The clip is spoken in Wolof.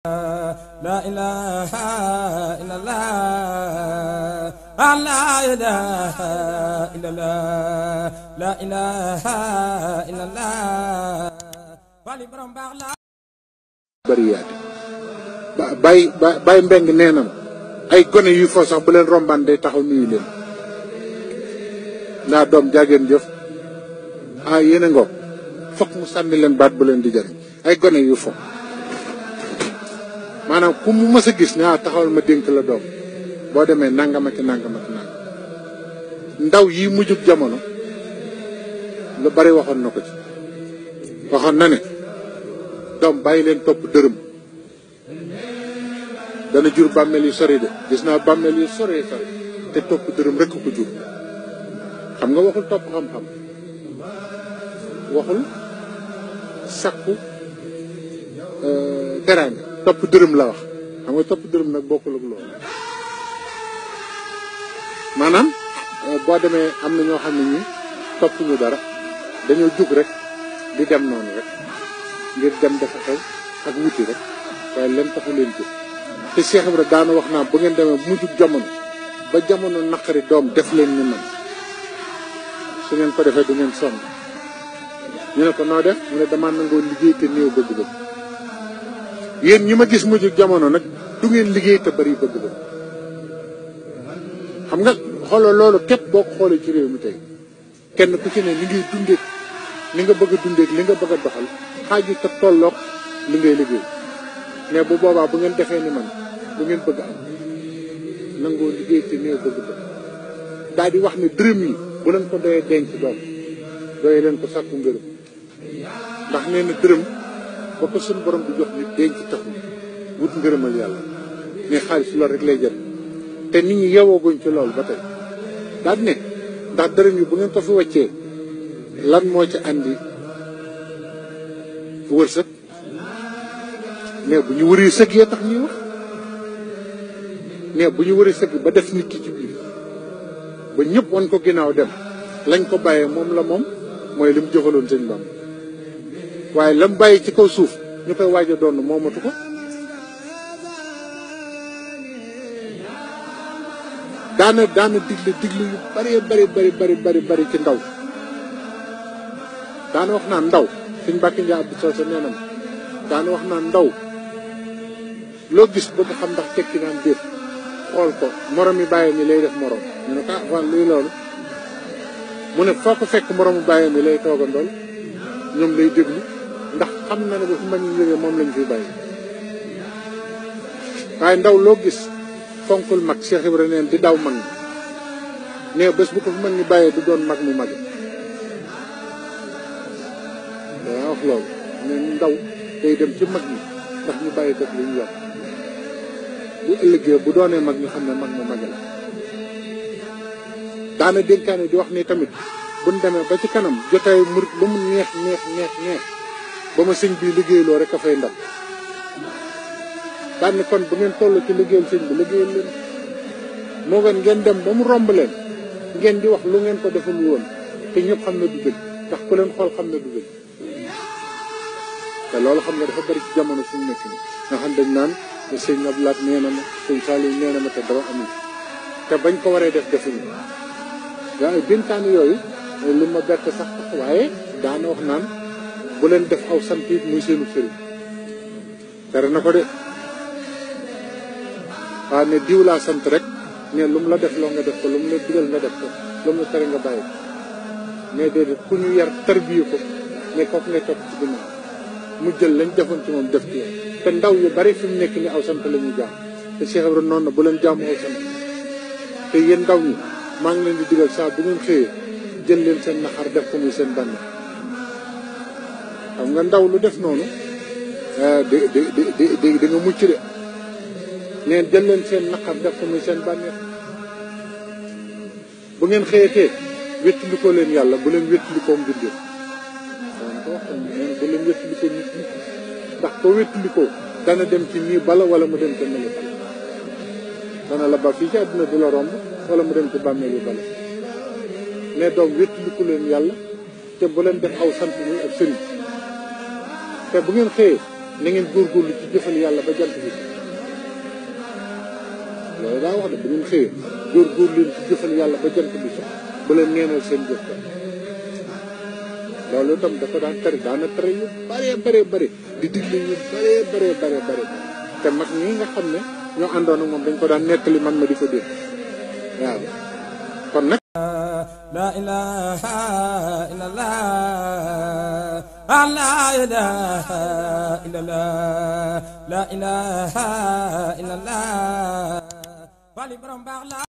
لا إله إلا الله لا إله إلا الله لا إله إلا الله bariyaat bay bay mbeng nee na ay ah yéen a ngoog foog mu sànni leen baat bu leen maanaam ku mu mës a gis ne ah, taxawal ma dénk la doom boo demee nangamati nangamati nangam ndaw yi mujjub jamono lu bari waxoon na ko ci waxoon na ne doom bàyyi leen topp dërëm dana jur bàmmeel yu sori de gis naa bàmmeel yu sori sori te topp dërëm rekk ko jur xam nga waxul topp xam-xam waxul sakku euh, teraanga topp dërëm la wax xam nga topp dërëm nag bokkul ak loolu maanaam eh, boo demee am na ñoo xam ne ñi topp ñu dara dañoo jug rek di dem noonu rek ngir dem dafa xew ak wuti rek waaye leen taxu leen jóg te Cheikh Ibra daana wax naa bu ngeen demee bu mujj jamono ba jamono naqari doom def leen ñu man su ngeen ko defee du ngeen sonn ñu ne ko noo def mu ne damaa nangoo liggéey te néew bëgg-bëgg yéen ñi ma gis mujj jamono nag du ngeen liggéey te bari bëgg bëgg xam nga xoolal loolu képp boo ko xoolee ci réew mi tey kenn ku ci ne li ngay dundee li nga bëgg a dundee li nga bëgg a doxal xaaju te tolloog li ngay liggéey mais bu boobaa bu ngeen defee ni man bu ngeen bëgg am nangoo liggéey ci néew bëgg bëgg daal di wax ne dërëm yi bu leen ko doyee denc doom doyee leen ko sàkku ngërëm ndax nee na dërëm ba ko suñu borom di jox nit denc taxul wut ngërëmal yàlla mais xaalis loolu rek lay jël te nit ñi yeewooguñ ci loolu ba tey daal ne ndax dërëm yi bu ngeen ko fi wàccee lan moo ci andi wërsëg mais bu ñu wëree sëg yee tax ñuy bu ñu wëree sëg ba def nit ki ci biir ba ñëpp wan ko ginnaaw dem lañ ko bàyyee moom la moom mooy li mu joxaloon sëñ Bamba waaye lam bàyyi ci kaw suuf ñu koy waaj a moomatu ko daana daana digle digle yu bëree bëri bëri bëri bëri ci ndaw daana wax naa ndaw suñ mbàkki njaa abdu soose nee na ma wax naa ndaw loo gis ba xam ndax tekki naan déet xool ko moromi bàyyi yi lay def moroom ñu ne ko ah wàll luy mu ne foo ko fekk moromu bàyyam yi lay toogandool ñoom lay déglu xam na ne bu fi mbañ ñu jógee moom lañ fi bàyyi waaye ndaw loo gis fonkul mag Cheikh Ibrahima neen di daw mag ñi nee bés bu ko fi mag ñu bàyyee du doon mag mu magi daa wax ci mag ñi ñu bàyyi def li bu ëllëgee mag ñu xam ne mag mu magi la daana dénkaane di wax ni tamit buñ demee ba ci kanam jotaay murit lu mu neex neex neex ba ma sëñ bi liggéeyloo rek a fay ndam daan kon bu ngeen toll ci liggéeyal sëñ bi liggéeyal leen moo gën ngeen dem ba mu romb leen ngeen di wax lu ngeen ko defal woon te ñëpp xam du dëgg ndax ku leen xool xam du te loolu xam nga dafa bari ci jamono suñu nekk ni nga xam dañ naan sëñ Ablaat nee na ma sëñ nee na ma te dara amul te bañ ko waree def bintaan yooyu lu ma bett sax waaye daana wax naan bu leen def aw sant it muy seenu sëriñ tere na ko de waa ne diw sant rek ne lu mu la def loo nga def ko lu mu la digal nga def ko lu mu la tere nga bàyyi mais déedéet ku ñu yar tarbiyu ko ne kooku mu jël lañ defoon ci moom def ci te ndaw yu bari fi mu nekk ni aw sant la ñuy jaam te Cheikh Ibrahima noonu na bu leen jàmm aw sant te yéen ndaw ñi maa ngi leen di digal saa bu ngeen xëyee jël leen seen naxar def ko muy seen bànneex xam nga ndaw lu def noonu ah, di di di di di nga mucc de neen jël leen seen naqar def ko muy seen bànneex bu ngeen xëyatee wéttali ko leen yàlla bu leen wéttali ko mbindéef ko ko nit ñi ndax ko wéttali dana dem ci nii bala wala mu dem ci meli dana la ba fii ci àdduna du la romb wala mu dem ci bàmmeel yu bala mais donc wéttali leen yàlla te bu leen def aw sant muy ak sëriñ te bu ngeen xëyee na ngeen góorgóorlu ci jëfal yàlla ba jant bi so loolu wax bu ngeen xëyee góorgóorlu leen ci jëfal yàlla ba jant bi so bu leen neenal seen jëf loolu itam dafa daan tari daana tari yu bëree bëree bëri di digle ñu bëree bëree bëree bëri te mag ñi nga dañ ko daan man ma waaw kon la ilaha illallah an la ilaha illallah la ilaha illallah